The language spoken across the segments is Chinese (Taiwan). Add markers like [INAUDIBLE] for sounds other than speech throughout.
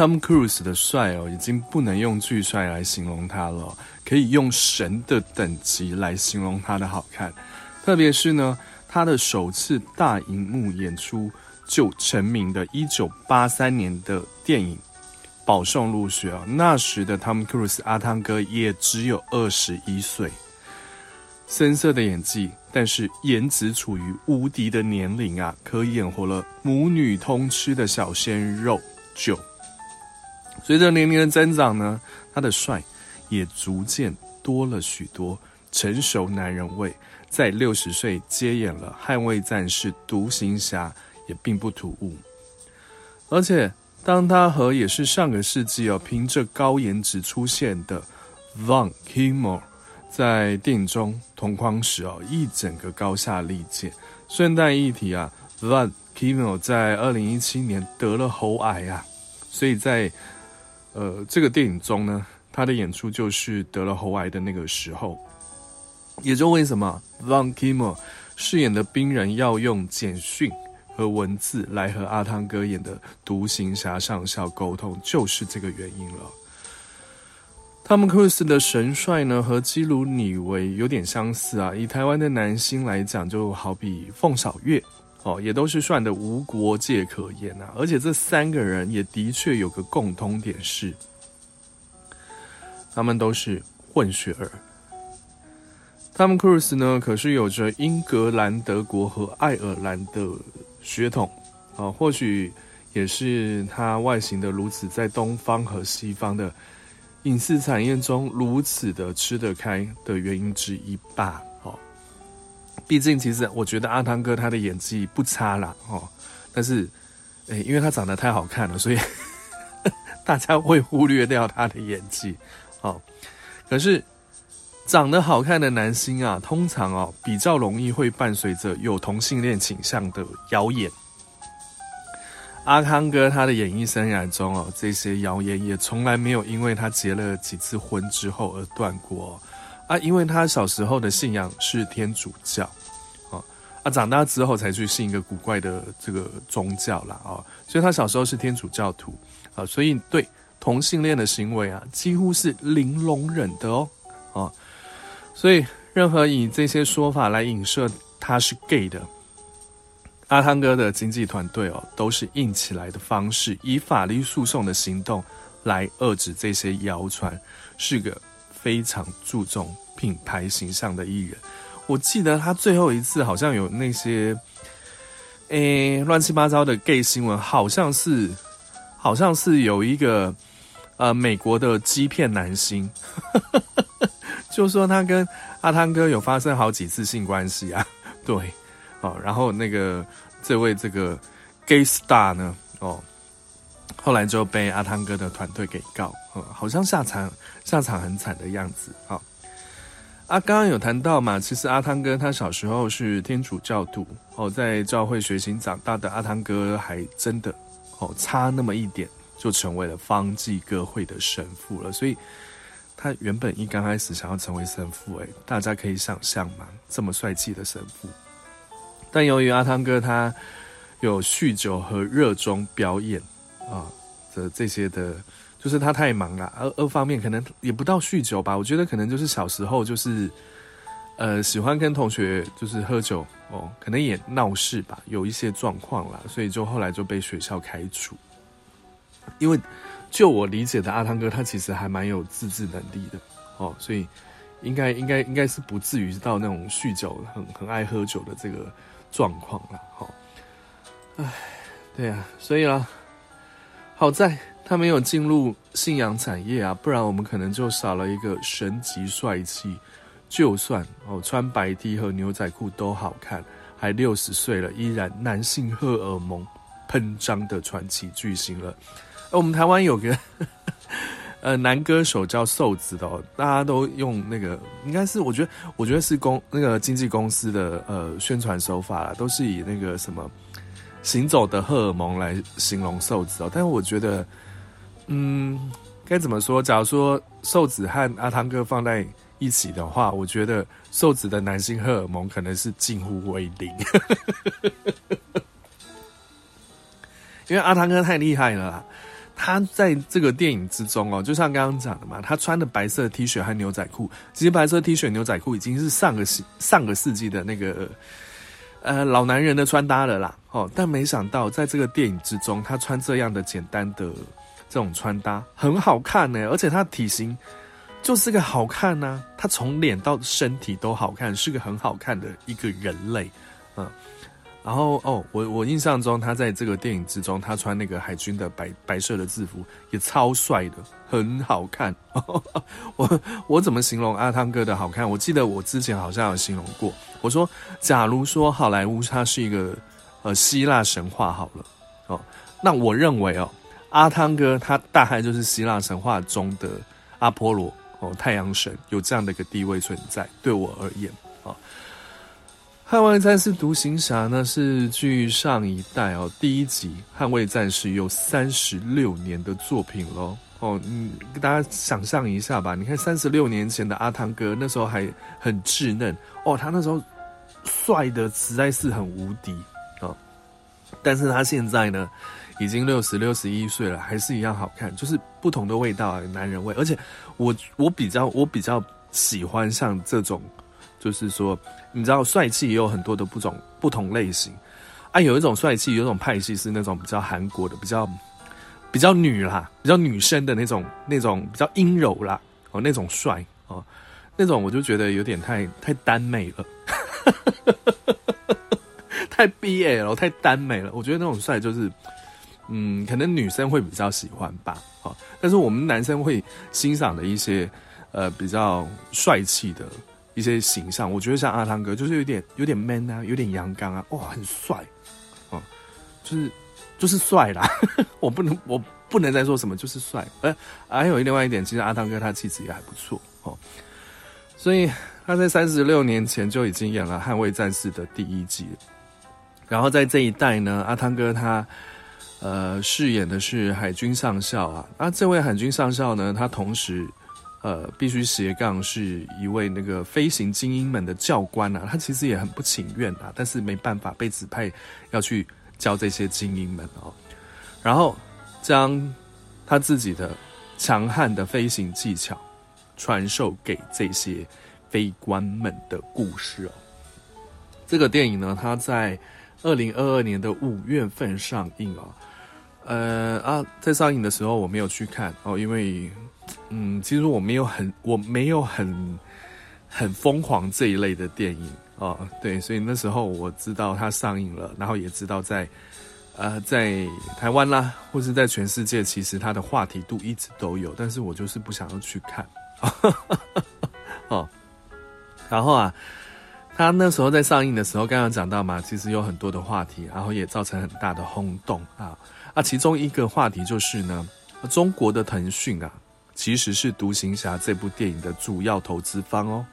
Tom Cruise 的帥哦，已經不能用巨帥來形容他了，可以用神的等級來形容他的好看。特別是呢，他的首次大熒幕演出就成名的1983年的電影《保送入學》啊，那時的 Tom Cruise 阿湯哥也只有21歲，深色的演技，但是顏值處於無敵的年齡啊，可以演活了母女通吃的小鮮肉九。酒隨着年齡的增長呢，他的帥也逐漸多了許多成熟男人味。在六十歲接演了《捍衛戰士》《獨行俠》，也並不突兀。而且當他和也是上個世紀哦，憑着高顏值出現的 Val Kilmer 在電影中同框時哦，一整個高下立見。順帶一提啊，Val Kilmer 在二零一七年得了喉癌啊，所以在。呃，這個電影中呢，他的演出就是得了喉癌的那個時候，也就為什麼 Val Kilmer 飾演的冰人要用簡訊和文字來和阿湯哥演的獨行俠上校溝通，就是這個原因了。湯姆克魯斯的神帥呢，和基努李維有點相似啊，以台灣的男星來講，就好比鳳小岳。哦，也都是算的無國界可言啊，而且這三個人也的確有個共通點是，他們都是混血兒。他們 Cruise 呢，可是有着英格蘭、德國和愛爾蘭的血統啊，哦。或許也是他外形的如此，在東方和西方的影視產業中如此的吃得開的原因之一吧。畢竟，其實我覺得阿湯哥他的演技不差啦，哦，但是，誒因為他長得太好看了，所以呵呵大家會忽略掉他的演技，哦。可是長得好看的男星啊，通常哦比較容易會伴隨着有同性戀傾向的謠言。阿湯哥他的演藝生涯中哦，這些謠言也從來沒有因為他結了幾次婚之後而斷過，哦，啊，因為他小時候的信仰是天主教。啊，長大之後才去信一個古怪的這個宗教啦。啊、哦，所以他小時候是天主教徒啊，所以對同性戀的行為啊，幾乎是零容忍的哦啊、哦，所以任何以這些說法來影射他是 gay 的，阿湯哥的經紀團隊哦，都是硬起來的方式，以法律訴訟的行動來遏制這些謠傳，是個非常注重品牌形象的藝人。我記得他最後一次好像有那些，誒、欸，亂七八糟的 gay 新聞，好像是，好像是有一個，呃，美國的基片男星，呵呵呵，就說他跟阿湯哥有發生好幾次性關係啊，對，哦，然後那個這位這個 gay star 呢，哦，後來就被阿湯哥的團隊給告，嗯、哦，好像下場下場很慘的樣子，啊、哦。阿、啊、剛剛有談到嘛，其實阿湯哥他小時候是天主教徒哦，在教會學習長大的阿湯哥還真的哦差那麼一點就成為了方濟各會的神父了，所以他原本一剛開始想要成為神父、欸，大家可以想象嘛，這麼帥氣的神父，但由於阿湯哥他有酗酒和熱衷表演啊的、哦、這些的。就是他太忙了，二二方面可能也不到酗酒吧，我覺得可能就是小時候就是，呃，喜歡跟同學就是喝酒哦，可能也鬧事吧，有一些狀況了，所以就後來就被學校開除。因為就我理解的阿湯哥，他其實還蠻有自制能力的哦，所以應該應該應該是不至於到那種酗酒、很很愛喝酒的這個狀況了，哦，哎，對啊，所以啊，好在。他沒有進入信仰產業啊，不然我們可能就少了一個神級帥氣。就算哦，穿白 T 和牛仔褲都好看，還六十歲了，依然男性荷爾蒙噴張的傳奇巨星了。哦，我們台灣有個呵呵呃男歌手叫瘦子的哦，大家都用那個應該是，我覺得我覺得是公那個經紀公司的呃宣傳手法啦，都是以那個什麼行走的荷爾蒙來形容瘦子哦，但是我覺得。嗯，該怎麼說？假如說瘦子和阿湯哥放在一起的話，我覺得瘦子的男性荷爾蒙可能是近乎為零， [LAUGHS] 因為阿湯哥太厲害了啦，他在這個電影之中哦，就像剛剛講的嘛，他穿的白色 T 恤和牛仔褲，其實白色 T 恤牛仔褲已經是上個世上個世紀的那個呃老男人的穿搭了啦。哦，但沒想到在這個電影之中，他穿這樣的簡單的。這種穿搭很好看呢，而且他體型就是個好看呢，啊，他從臉到身體都好看，是個很好看的一個人類，嗯，然後哦，我我印象中他在這個電影之中，他穿那個海軍的白白色的制服也超帥的，很好看。呵呵，我我怎麼形容阿湯哥的好看？我記得我之前好像有形容過，我說，假如說好萊塢他是一個呃希臘神話好了，哦，嗯，那我認為哦。阿湯哥，他大概就是希臘神話中的阿波羅哦，太陽神有這樣的一個地位存在。對我而言，啊、哦，《捍衛戰士獨行俠》那是距上一代哦第一集《捍衛戰士》有三十六年的作品嘍哦，你給大家想象一下吧。你看三十六年前的阿湯哥，那時候還很稚嫩哦，他那時候帥得實在是很無敵啊、哦，但是他現在呢？已經六十六十一歲了，還是一樣好看，就是不同的味道啊，男人味。而且我我比較我比較喜歡像這種，就是說你知道帥氣也有很多的不種不同類型啊，有一種帥氣，有一種派系是那種比較韓國的，比較比較女啦，比較女生的那種那種比較陰柔啦哦，那種帥哦，那種我就覺得有點太太單美了， [LAUGHS] 太 B L 了，太耽美了。我覺得那種帥就是。嗯，可能女生會比較喜歡吧，哦，但是我們男生會欣賞的一些，呃，比較帥氣的一些形象。我覺得像阿湯哥，就是有點有點 man 啊，有點陽剛啊，哇，很帥，哦，就是就是帥啦。我不能我不能再說什麼，就是帥。呃，還有另外一點，其實阿湯哥他氣質也還不錯，哦，所以他在三十六年前就已經演了《捍衛戰士》的第一季了，然後在這一代呢，阿湯哥他。呃，飾演的是海軍上校啊，那、啊、這位海軍上校呢，他同時，呃，必須斜槓是一位那個飛行精英們的教官啊，他其實也很不情願啊，但是沒辦法被指派要去教這些精英們哦，然後將他自己的強悍的飛行技巧傳授給這些飛官們的故事哦。這個電影呢，它在二零二二年的五月份上映啊、哦。呃啊，在上映的時候我沒有去看哦，因為，嗯，其實我沒有很我沒有很，很瘋狂這一類的電影哦，對，所以那時候我知道它上映了，然後也知道在，呃，在台灣啦，或是在全世界，其實它的話題度一直都有，但是我就是不想要去看， [LAUGHS] 哦，然後啊。他那時候在上映的時候，剛剛講到嘛，其實有很多的話題，然後也造成很大的轟動啊。啊，其中一個話題就是呢，中國的騰訊啊，其實是《獨行俠》這部電影的主要投資方哦。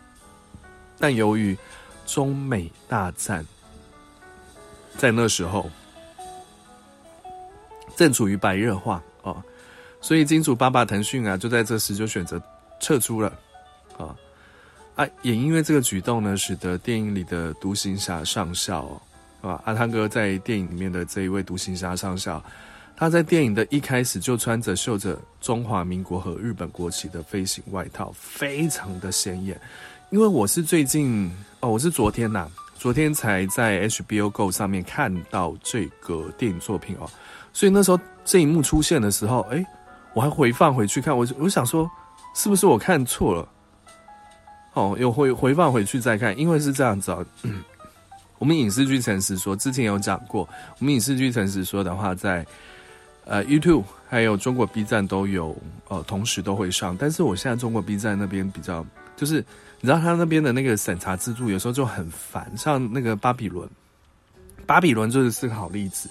但由於中美大戰在那時候正處於白熱化哦，啊，所以金主爸爸騰訊啊，就在這時就選擇撤出了啊。啊，也因為這個舉動呢，使得電影裡的獨行俠上校哦，哦，啊，阿湯哥在電影裡面的這一位獨行俠上校，他在電影的一開始就穿着繡着中華民國和日本國旗的飛行外套，非常的鮮豔。因為我是最近哦，我是昨天吶，啊，昨天才在 HBO GO 上面看到這個電影作品哦，所以那時候這一幕出現的時候，哎，我還回放回去看，我就我想說，是不是我看錯了？哦，又回，回放回去再看，因為是這樣子啊，嗯，我們影視劇誠實說之前有講過，我們影視劇誠實說的話在呃 YouTube 還有中國 B 站都有，呃同時都會上。但是我現在中國 B 站那邊比較就是，你知道他那邊的那個審查制度有時候就很煩，像那個巴比倫、《巴比倫》，《巴比倫》就是是個好例子。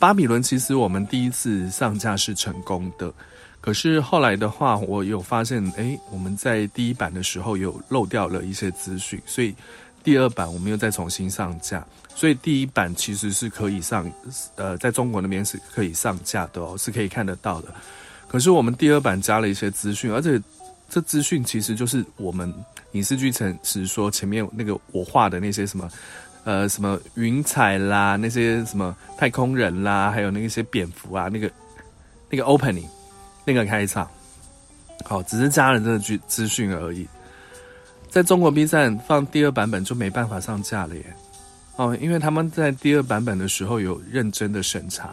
巴比倫其實我們第一次上架是成功的，可是後來的話，我有發現，誒，我們在第一版的時候有漏掉了一些資訊，所以第二版我們又再重新上架，所以第一版其實是可以上，呃，在中國那邊是可以上架的，哦，是可以看得到的。可是我們第二版加了一些資訊，而且這資訊其實就是我們影視劇層，只是說前面那個我畫的那些什麼。呃，什麼雲彩啦，那些什麼太空人啦，還有那些蝙蝠啊，那個那個 opening 那個開場，好、哦，只是加了這句資訊而已。在中國 B 站放第二版本就沒辦法上架了耶，哦，因為他們在第二版本的時候有認真的審查，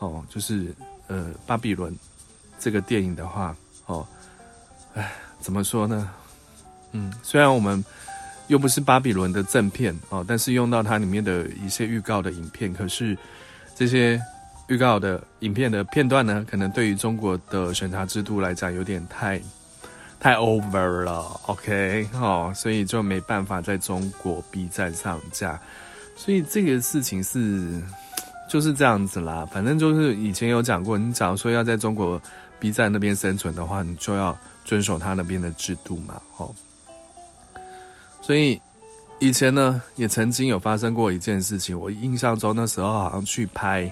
哦，就是呃《巴比倫》這個電影的話，哦，哎，怎麼說呢？嗯，雖然我們。又不是巴比倫的正片哦，但是用到它裡面的一些預告的影片，可是這些預告的影片的片段呢，可能對於中國的審查制度來講有點太太 over 了，OK，哦，所以就沒辦法在中國 B 站上架，所以這個事情是就是這樣子啦。反正就是以前有講過，你假如說要在中國 B 站那邊生存的話，你就要遵守它那邊的制度嘛，哦。所以，以前呢也曾經有發生過一件事情，我印象中那時候好像去拍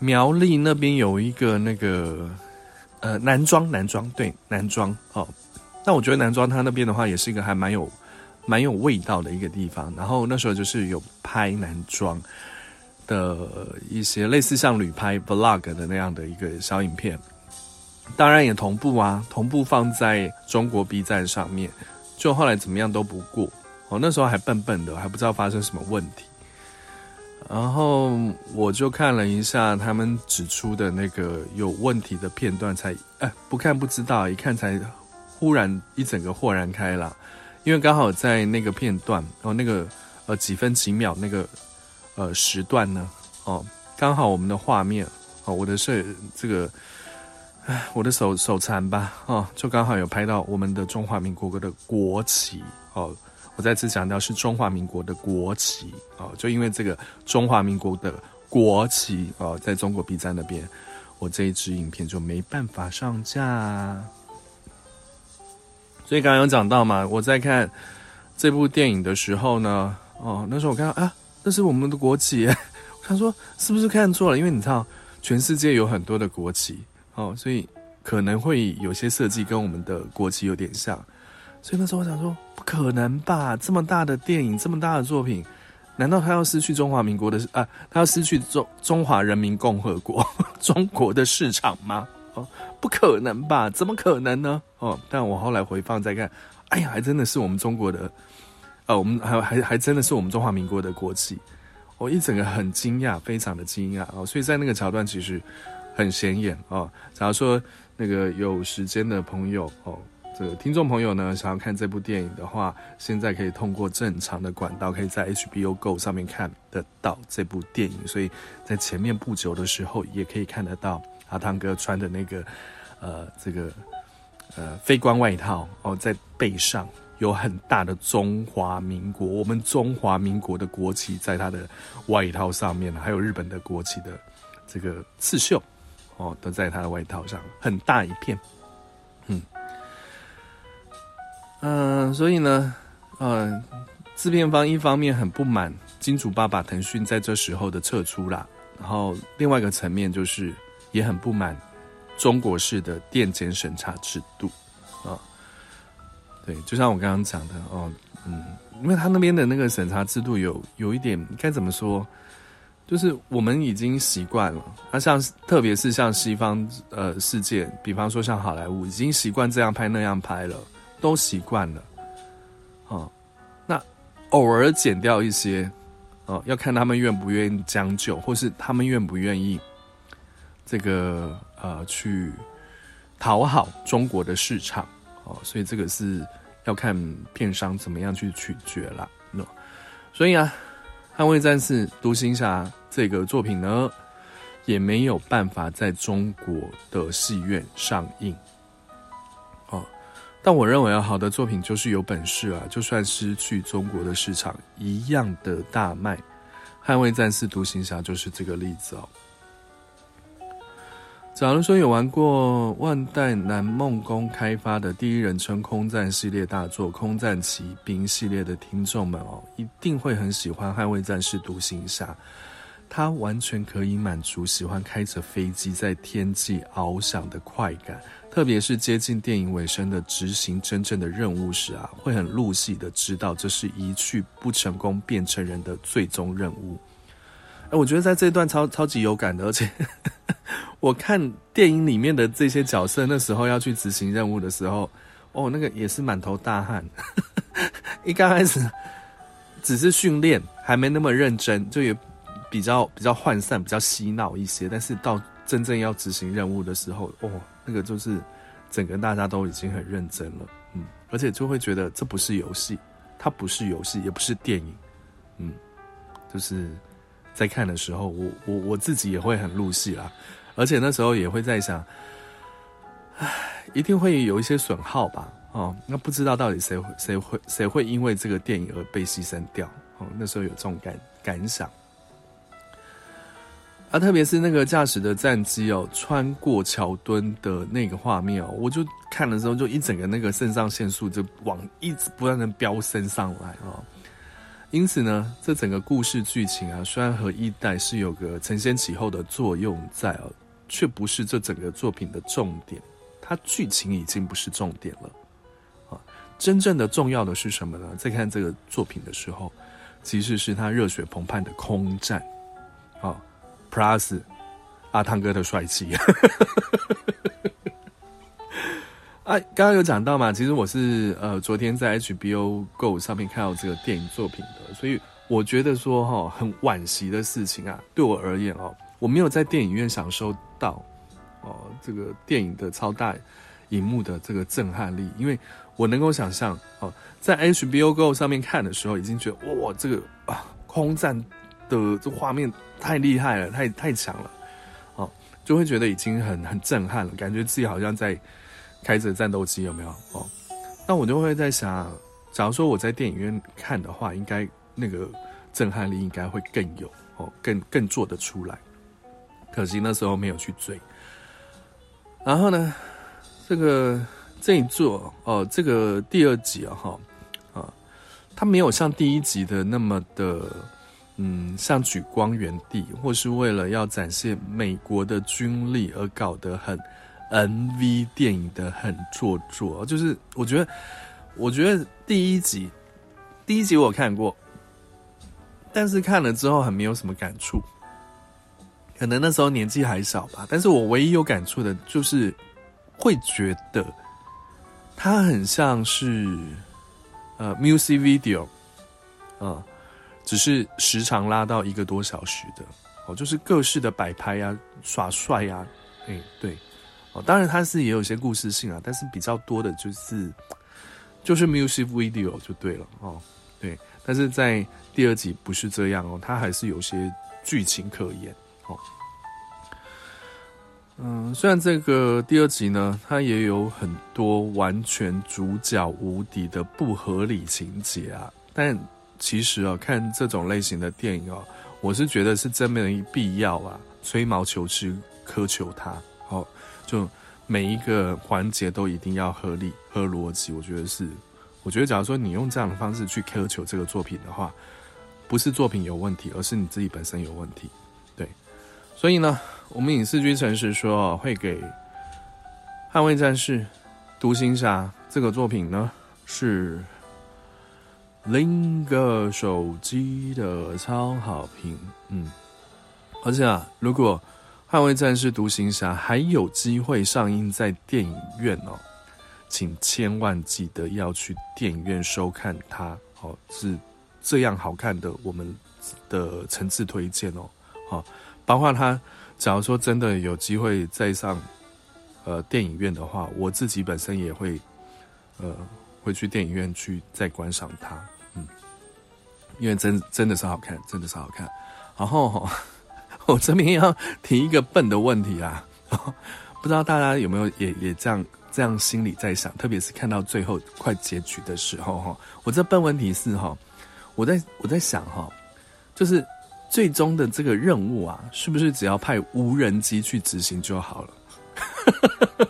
苗栗那邊有一個那個呃南莊南莊，對南莊，哦，那我覺得南莊它那邊的話也是一個還蠻有蠻有味道的一個地方。然後那時候就是有拍南莊的一些類似像旅拍 vlog 的那樣的一個小影片，當然也同步啊，同步放在中國 B 站上面。就後來怎麼樣都不過，哦，那時候還笨笨的，還不知道發生什麼問題。然後我就看了一下他們指出的那個有問題的片段才，才哎不看不知道，一看才忽然一整個豁然開朗。因為剛好在那個片段，哦，那個呃幾分幾秒那個呃時段呢哦，剛好我們的畫面哦，我的攝這個。唉，我的手手殘吧，哦，就剛好有拍到我們的中華民國的國旗，哦，我再次強調是中華民國的國旗，哦，就因為這個中華民國的國旗，哦，在中國 B 站那邊，我這一支影片就沒辦法上架啊。所以剛剛有講到嘛，我在看這部電影的時候呢，哦，那時候我看到啊，那是我們的國旗，我想說是不是看錯了，因為你知道全世界有很多的國旗。哦，所以可能會有些設計跟我們的國旗有點像，所以那時候我想說，不可能吧？這麼大的電影，這麼大的作品，難道他要失去中華民國的啊？他要失去中中華人民共和國中國的市場嗎？哦，不可能吧？怎麼可能呢？哦，但我後來回放再看，哎呀，還真的是我們中國的，呃、啊，我們還還還真的是我們中華民國的國旗，我、哦、一整個很驚訝，非常的驚訝哦，所以在那個橋段其實。很顯眼哦。假如說那個有時間的朋友哦，這個聽眾朋友呢，想要看這部電影的話，現在可以通過正常的管道，可以在 HBO GO 上面看得到這部電影。所以在前面不久的時候，也可以看得到阿湯哥穿的那個呃這個呃飛官外套哦，在背上有很大的中華民國，我們中華民國的國旗在他的外套上面，還有日本的國旗的這個刺繡。哦，都在他的外套上，很大一片，嗯，嗯、呃，所以呢，嗯、呃，製片方一方面很不滿金主爸爸騰訊在這時候的撤出啦，然後另外一個層面就是也很不滿中國式的電檢審查制度啊、哦，對，就像我剛剛講的哦，嗯，因為他那邊的那個審查制度有有一點該怎麼說？就是我們已經習慣了，那、啊、像特別是像西方呃世界，比方說像好萊塢已經習慣這樣拍那樣拍了，都習慣了，啊、哦，那偶爾剪掉一些，啊、哦，要看他們願不願意將就，或是他們願不願意這個呃去討好中國的市場，哦，所以這個是要看片商怎麼樣去取決了，那，所以啊。《捍衛戰士獨行俠》這個作品呢，也沒有辦法在中國的戲院上映哦。但我認為啊，好的作品就是有本事啊，就算失去中國的市場，一樣的大賣。《捍衛戰士獨行俠》就是這個例子哦。假如說有玩過萬代南夢宮開發的第一人稱空戰系列大作《空戰奇兵》系列的聽眾們哦，一定會很喜歡《捍衛戰士獨行俠》。它完全可以滿足喜歡開着飛機在天際翱翔的快感，特別是接近電影尾聲的執行真正的任務時啊，會很入戲的知道這是一去不成功便成仁的最終任務。哎，我覺得在這段超超級有感的，而且呵呵我看電影裡面的這些角色，那時候要去執行任務的時候，哦，那個也是滿頭大汗。呵呵一剛開始只是訓練，還沒那麼認真，就也比較比較渙散，比較嬉鬧一些。但是到真正要執行任務的時候，哦，那個就是整個大家都已經很認真了，嗯，而且就會覺得這不是遊戲，它不是遊戲，也不是電影，嗯，就是。在看的時候，我我我自己也會很入戲啦，啊，而且那時候也會在想，唉，一定會有一些損耗吧，哦，那不知道到底誰會誰會誰會因為這個電影而被犧牲掉，哦，那時候有這種感感想。啊，特別是那個駕駛的戰機哦，穿過橋墩的那個畫面哦，我就看的時候就一整個那個腎上腺素就往一直不斷地飆升上來哦。因此呢，這整個故事劇情啊，雖然和一代是有個承先啟後的作用在哦啊，卻不是這整個作品的重點。它劇情已經不是重點了啊哦！真正的重要的是什麼呢？在看這個作品的時候，其實是它熱血澎湃的空戰啊！Plus，哦，阿湯哥的帥氣。 [LAUGHS] 啊，剛剛有講到嘛，其實我是呃，昨天在 HBO Go 上面看到這個電影作品的，所以我覺得說哈、哦，很惋惜的事情啊，對我而言哦，我沒有在電影院享受到哦這個電影的超大螢幕的這個震撼力，因為我能夠想象哦，在 HBO Go 上面看的時候，已經覺得哇，這個啊空戰的這畫面太厲害了，太太強了，哦，就會覺得已經很很震撼了，感覺自己好像在。開着戰鬥機有沒有哦？那我就會在想，假如說我在電影院看的話，應該那個震撼力應該會更有哦，更更做得出來。可惜那時候沒有去追。然後呢，這個這一作哦，這個第二集哈啊、哦哦，它沒有像第一集的那麼的嗯，像舉光原地或是為了要展現美國的軍力而搞得很。MV 電影的很做作，就是我覺得，我覺得第一集，第一集我看過，但是看了之後很沒有什麼感觸，可能那時候年紀還小吧。但是我唯一有感觸的就是，會覺得，它很像是，呃，music video，啊、嗯，只是時長拉到一個多小時的哦，就是各式的擺拍呀、啊、耍帥呀、啊，哎、欸，對。哦，當然它是也有些故事性啊，但是比較多的就是，就是 music video 就對了哦，對。但是在第二集不是這樣哦，它還是有些劇情可言。哦，嗯，雖然這個第二集呢，它也有很多完全主角無敵的不合理情節啊，但其實啊，看這種類型的電影啊，我是覺得是真沒必要啊，吹毛求疵，苛求它。就每一個環節都一定要合理、和邏輯，我覺得是。我覺得，假如說你用這樣的方式去苛求這個作品的話，不是作品有問題，而是你自己本身有問題。對，所以呢，我們影視劇城市說，會給《捍衛戰士》《獨行俠》這個作品呢，是零個手機的超好評。嗯，而且啊，如果。捍衛戰士獨行俠還有機會上映在電影院哦，請千萬記得要去電影院收看它哦，是這樣好看的我們的層次推薦哦，好，包括它，假如說真的有機會再上呃電影院的話，我自己本身也會呃會去電影院去再觀賞它，嗯，因為真真的是好看，真的是好看，然後。我這邊要提一個笨的問題啦，啊，哦，不知道大家有沒有也也這樣這樣心裡在想，特別是看到最後快結局的時候哈，哦。我這笨問題是哈，哦，我在我在想哈，哦，就是最終的這個任務啊，是不是只要派無人機去執行就好了，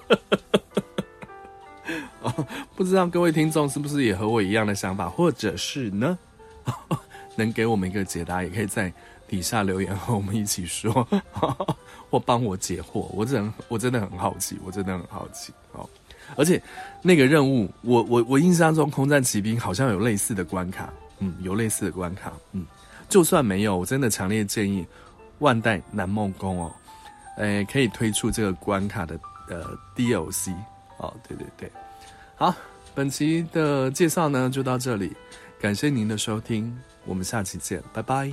[LAUGHS] 哦？不知道各位聽眾是不是也和我一樣的想法，或者是呢？哦，能給我們一個解答，也可以在。底下留言和我們一起說呵呵，或幫我解惑，我真我真的很好奇，我真的很好奇。哦。而且那個任務，我我我印象中《空戰騎兵》好像有類似的關卡，嗯，有類似的關卡，嗯，就算沒有，我真的強烈建議萬代南夢宮哦，呃，可以推出這個關卡的呃 DLC 哦，對對對。好，本期的介紹呢就到這裡，感謝您的收聽，我們下期見，拜拜。